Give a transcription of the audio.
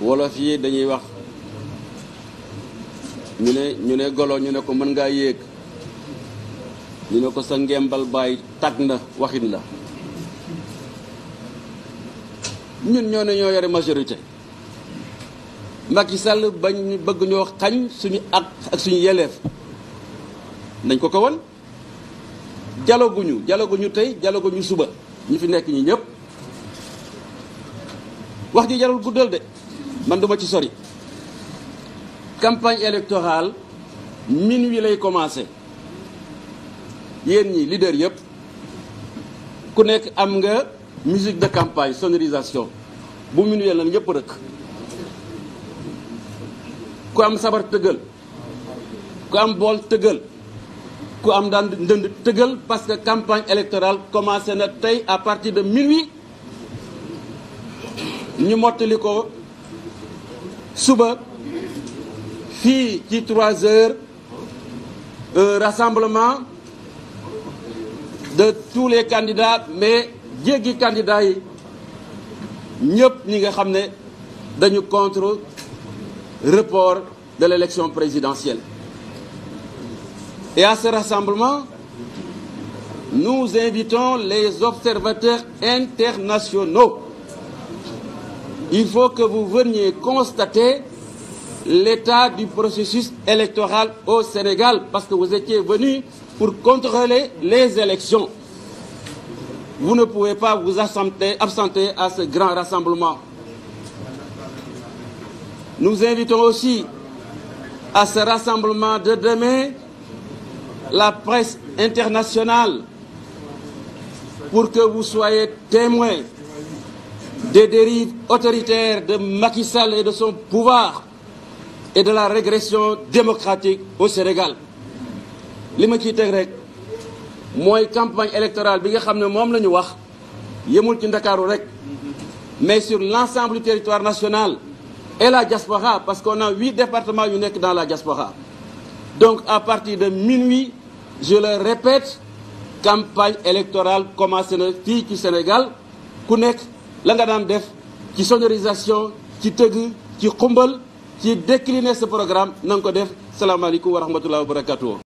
wolof yi dañuy wax ñu ne ñu ne golo ñu ne ko mën ngaa yéeg ñu ne ko sa ngembal baay tag na waxit la ñun ñoo ne ñoo yore majorité Macky Sall bañ bëgg ñoo xañ suñu ak ak suñu yeleef nañ ko ko won jalaguñu dialoguñu tey dialoguñu suba ñu fi nekk ñi ñëpp wax ji jarul guddal de man duma ci sori campagne électorale wi lay commencé yéen yi leader yëpp ku nekk am nga musique de campagne sonorisation bu minuit la ñëpp rëkk ku am sabar tëggal ku am bool tëggal ku am daan ndënd tëggal parce que campagne électorale commencé na tey à partir de minuit ñu mottali ko suba fii ci trois heures rassemblement de tous les candidats mais jéggi candidats yi ñëpp ñi nga xam ne dañu contre report de l'élection présidentielle et à ce rassemblement nous invitons les observateurs internationaux il faut que vous veniez constater l'état du processus électoral au Sénégal parce que vous étiez venu pour contrôler les élections. Vous ne pouvez pas vous absenter, à ce grand rassemblement. Nous invitons aussi à ce rassemblement de demain la presse internationale pour que vous soyez témoins des dérives autoritaires de Macky Sall et de son pouvoir et de la régression démocratique au Sénégal li ma ciy teg rek mooy campagne électorale bi nga xam ne moom la ñu wax yemul ci Ndakaaru rek mais sur l'ensemble du territoire national et la diaspora parce qu'on a huit département yu nekk dans la diaspora donc à partir de minuit je le répète campagne électorale commencé na fii ci Sénégal ku nekk la nga daan def ci sonorisation ci tëgg ci xumbal ci décliner ce programme na nga ko def salaamaaleykum wa rahmatulah wa barakatuh